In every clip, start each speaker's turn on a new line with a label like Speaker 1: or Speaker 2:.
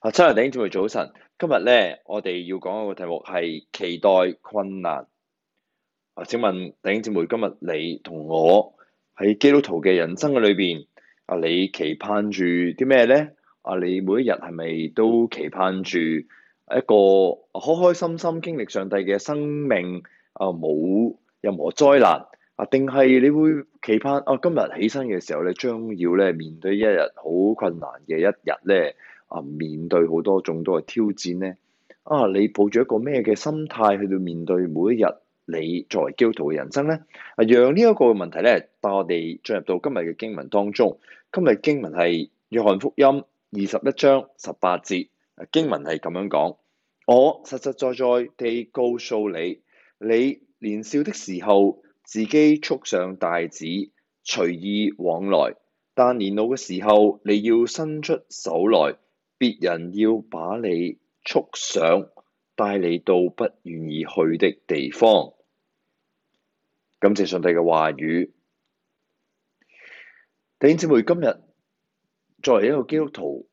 Speaker 1: 啊！七日弟兄姐妹早晨，今日咧，我哋要講一個題目係期待困難。啊，請問弟兄姐妹，今日你同我喺基督徒嘅人生嘅裏邊，啊，你期盼住啲咩咧？啊，你每一日係咪都期盼住一個開開心心經歷上帝嘅生命？啊，冇任何災難啊？定係你會期盼啊？今日起身嘅時候咧，將要咧面對一日好困難嘅一日咧？面對好多種多嘅挑戰呢。啊！你抱住一個咩嘅心態去到面對每一日？你作為基督徒嘅人生呢？啊！讓呢一個問題咧帶我哋進入到今日嘅經文當中。今日經文係《約翰福音》二十一章十八節。經文係咁樣講： 我實實在在，在地告訴你，你年少的時候，自己束上帶子，隨意往來；但年老嘅時候，你要伸出手來。別人要把你束上，帶你到不願意去的地方。感謝上帝嘅話語，弟兄姊妹，今日作為一個基督徒，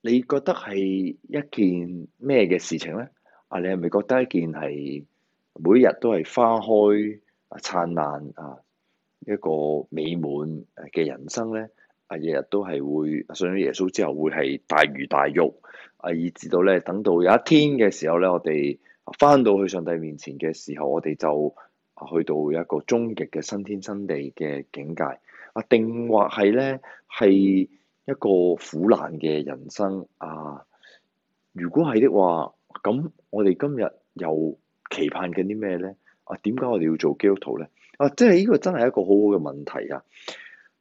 Speaker 1: 你覺得係一件咩嘅事情咧？啊，你係咪覺得一件係每日都係花開啊燦爛啊一個美滿嘅人生咧？啊！日日都係會信咗耶穌之後，會係大魚大肉啊，以至到咧等到有一天嘅時候咧，我哋翻到去上帝面前嘅時候，我哋就去到一個終極嘅新天新地嘅境界啊！定或係咧係一個苦難嘅人生啊！如果係的話，咁我哋今日又期盼緊啲咩咧？啊！點解我哋要做基督徒咧？啊！即係呢個真係一個好好嘅問題啊！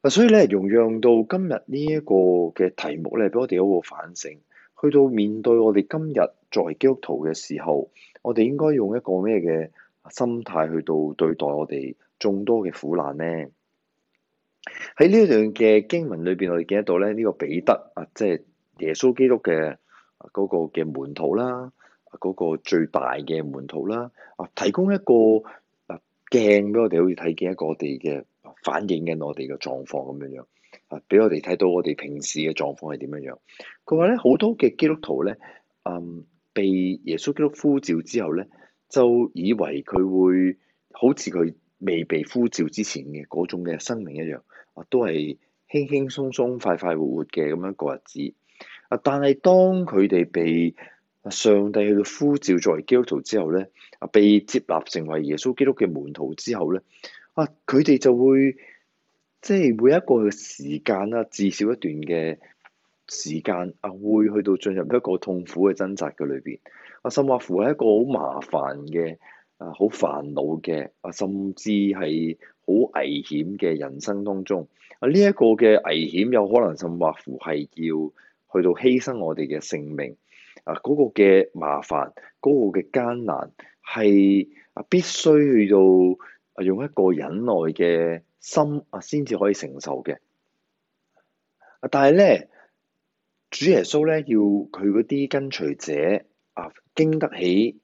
Speaker 1: 所以咧，容讓到今日呢一個嘅題目咧，俾我哋一個反省，去到面對我哋今日作為基督徒嘅時候，我哋應該用一個咩嘅心態去到對待我哋眾多嘅苦難呢？喺呢段嘅經文裏邊，我哋記得到咧，呢個彼得啊，即係耶穌基督嘅嗰個嘅門徒啦，嗰個最大嘅門徒啦，啊，提供一個啊鏡俾我哋，好似睇見一個我哋嘅。反映緊我哋嘅狀況咁樣樣，啊，俾我哋睇到我哋平時嘅狀況係點樣樣。佢話咧，好多嘅基督徒咧，嗯，被耶穌基督呼召之後咧，就以為佢會好似佢未被呼召之前嘅嗰種嘅生命一樣，啊，都係輕輕鬆鬆、快快活活嘅咁樣過日子。啊，但係當佢哋被上帝去呼召作為基督徒之後咧，啊，被接納成為耶穌基督嘅門徒之後咧。啊！佢哋就會即係每一個時間啦，至少一段嘅時間啊，會去到進入一個痛苦嘅掙扎嘅裏邊。啊，甚或乎係一個好麻煩嘅啊，好煩惱嘅啊，甚至係好危險嘅人生當中。啊，呢一個嘅危險有可能甚或乎係要去到犧牲我哋嘅性命。啊，嗰個嘅麻煩，嗰個嘅艱難，係啊必須去到。啊，用一個忍耐嘅心啊，先至可以承受嘅。啊，但係咧，主耶穌咧，要佢嗰啲跟隨者啊，經得起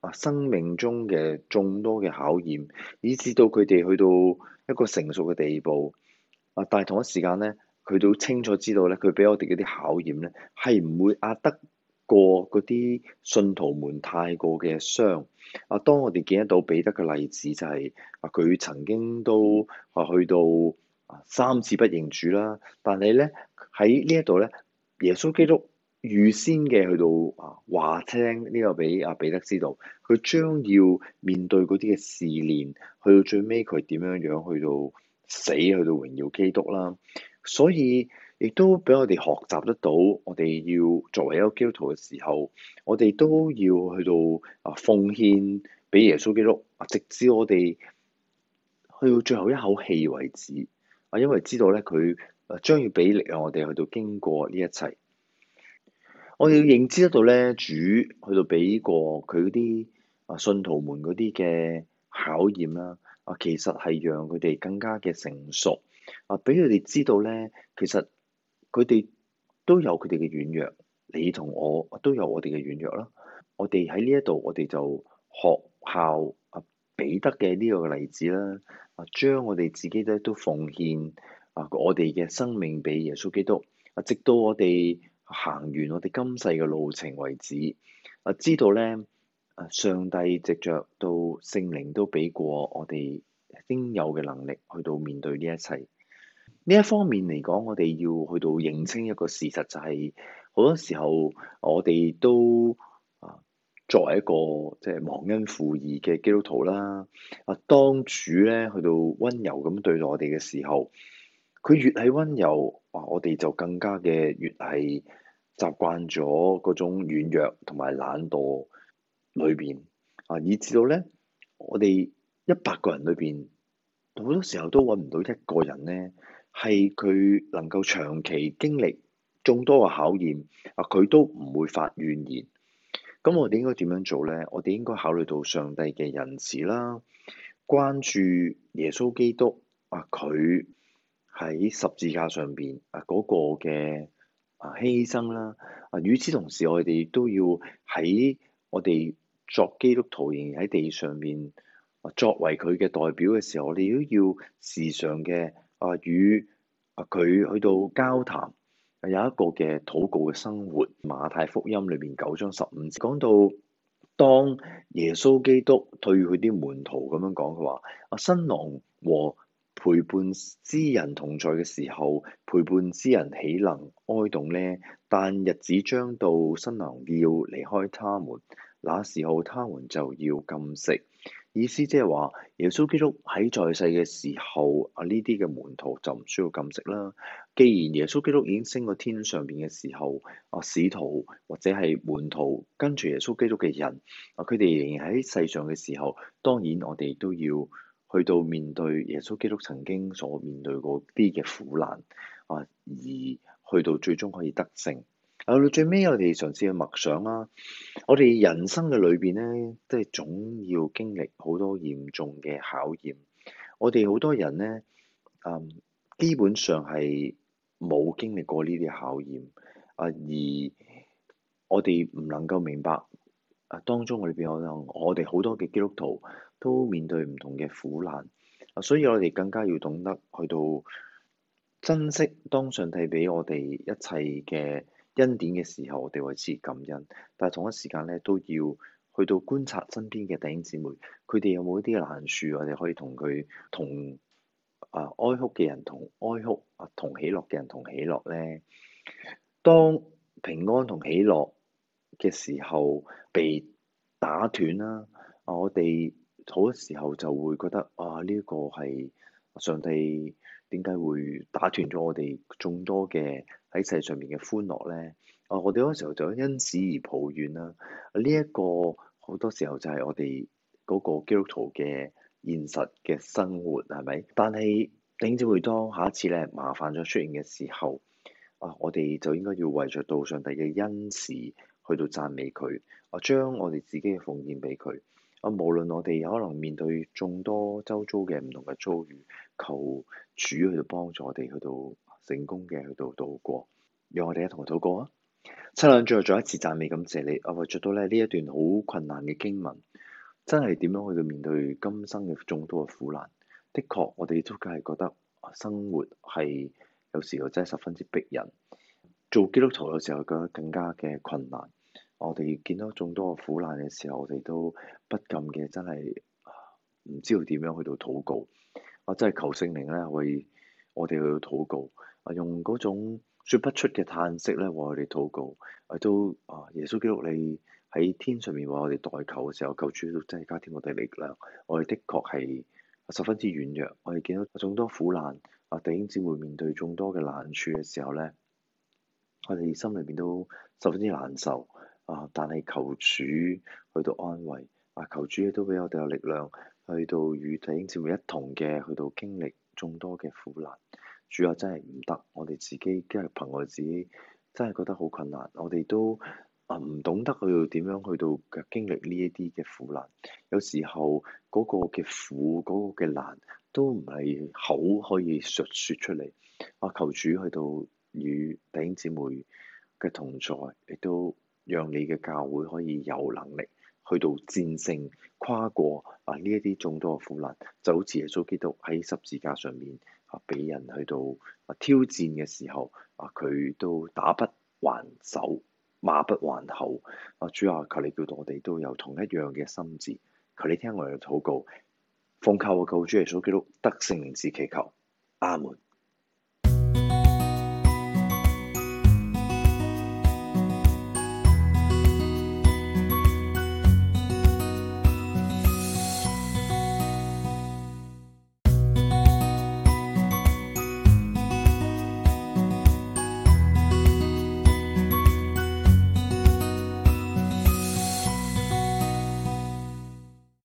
Speaker 1: 啊生命中嘅眾多嘅考驗，以至到佢哋去到一個成熟嘅地步。啊，但係同一時間咧，佢都清楚知道咧，佢俾我哋嗰啲考驗咧，係唔會壓得。過嗰啲信徒們太過嘅傷，啊！當我哋見得到彼得嘅例子，就是，就係啊，佢曾經都啊去到三次不認主啦。但係咧，喺呢一度咧，耶穌基督預先嘅去到啊，話聽呢個俾阿彼得知道，佢將要面對嗰啲嘅試煉，去到最尾佢點樣樣去到死，去到榮耀基督啦。所以。亦都俾我哋學習得到，我哋要作為一個基督徒嘅時候，我哋都要去到啊奉獻俾耶穌基督啊，直至我哋去到最後一口氣為止啊，因為知道咧佢啊將要俾力量我哋去到經過呢一切，我哋要認知得到咧主去到俾過佢啲啊信徒們嗰啲嘅考驗啦啊，其實係讓佢哋更加嘅成熟啊，俾佢哋知道咧其實。佢哋都有佢哋嘅軟弱，你同我都有我哋嘅軟弱啦。我哋喺呢一度，我哋就學校啊彼得嘅呢個例子啦，啊將我哋自己咧都奉獻啊，我哋嘅生命俾耶穌基督啊，直到我哋行完我哋今世嘅路程為止啊，知道咧啊上帝藉著到聖靈都俾過我哋應有嘅能力去到面對呢一切。呢一方面嚟講，我哋要去到認清一個事實，就係好多時候我哋都啊作為一個即係忘恩負義嘅基督徒啦。啊，當主咧去到溫柔咁對待我哋嘅時候，佢越係溫柔啊，我哋就更加嘅越係習慣咗嗰種軟弱同埋懶惰裏邊啊，以至到咧我哋一百個人裏邊好多時候都搵唔到一個人咧。係佢能夠長期經歷眾多嘅考驗，啊，佢都唔會發怨言。咁我哋應該點樣做咧？我哋應該考慮到上帝嘅仁慈啦，關注耶穌基督啊，佢喺十字架上邊啊嗰個嘅啊犧牲啦。啊，與此同時，我哋都要喺我哋作基督徒，仍然喺地上面啊，作為佢嘅代表嘅時候，我哋都要時尚嘅。啊，與啊佢去到交談，有一個嘅禱告嘅生活。馬太福音裏面九章十五節講到，當耶穌基督對佢啲門徒咁樣講，佢話：啊，新郎和陪伴之人同在嘅時候，陪伴之人豈能哀慟呢？但日子將到，新郎要離開他們，那時候他們就要禁食。意思即係話，耶穌基督喺在，在世嘅時候啊，呢啲嘅門徒就唔需要禁食啦。既然耶穌基督已經升到天上邊嘅時候，啊，使徒或者係門徒跟住耶穌基督嘅人啊，佢哋仍然喺世上嘅時候，當然我哋都要去到面對耶穌基督曾經所面對過啲嘅苦難啊，而去到最終可以得勝。啊！最尾我哋嘗試去默想啦。我哋人生嘅裏邊咧，即係總要經歷好多嚴重嘅考驗。我哋好多人咧，啊，基本上係冇經歷過呢啲考驗啊，而我哋唔能夠明白啊，當中裏邊可能我哋好多嘅基督徒都面對唔同嘅苦難啊，所以我哋更加要懂得去到珍惜當上帝俾我哋一切嘅恩典嘅時候，我哋為此感恩，但係同一時間咧，都要去到觀察身邊嘅弟兄姊妹，佢哋有冇一啲難處，我哋可以同佢同啊哀哭嘅人同哀哭，啊同喜樂嘅人同喜樂咧。當平安同喜樂嘅時候被打斷啦，我哋好多時候就會覺得啊呢個係。上帝點解會打斷咗我哋眾多嘅喺世上面嘅歡樂咧？啊！我哋嗰時候就因此而抱怨啦。呢一個好多時候就係我哋嗰個基督徒嘅現實嘅生活，係咪？但係，點知會當下一次咧，麻煩咗出現嘅時候，啊！我哋就應該要為著到上帝嘅恩慈去到讚美佢，啊！將我哋自己嘅奉獻俾佢。啊！無論我哋可能面對眾多周遭嘅唔同嘅遭遇。求主去到幫助我哋去到成功嘅去到度過，讓我哋一同禱告啊！七兩最後，再一次讚美，感謝你啊！為著到咧呢一段好困難嘅經文，真係點樣去到面對今生嘅眾多嘅苦難？的確，我哋都梗係覺得生活係有時候真係十分之逼人。做基督徒嘅時候，覺得更加嘅困難。我哋見到眾多嘅苦難嘅時候，我哋都不禁嘅真係唔知道點樣去到禱告。我、啊、真係求聖靈咧、啊，為我哋去禱告，啊用嗰種説不出嘅嘆息咧，為我哋禱告，啊都啊耶穌基督你喺天上面為我哋代求嘅時候，求主都真係加添我哋力量。我哋的確係十分之軟弱，我哋見到眾多苦難，啊弟兄姊妹面對眾多嘅難處嘅時候咧，我哋心裏邊都十分之難受。啊，但係求主去到安慰，啊求主都俾我哋有力量。去到與弟兄姊妹一同嘅，去到經歷眾多嘅苦難，主啊真係唔得，我哋自己即係憑我哋自己，真係覺得好困難，我哋都啊唔懂得去到點樣去到嘅經歷呢一啲嘅苦難，有時候嗰個嘅苦，嗰個嘅難都唔係好可以述説出嚟。我求主去到與弟兄姊妹嘅同在，亦都讓你嘅教會可以有能力。去到戰勝、跨過啊呢一啲眾多嘅苦難，就好似耶穌基督喺十字架上面啊俾人去到啊挑戰嘅時候啊，佢都打不還手，罵不還口。啊主啊，求你叫到我哋都有同一樣嘅心志。求你聽我哋嘅禱告，奉靠我救主耶穌基督得勝名字祈求，阿門。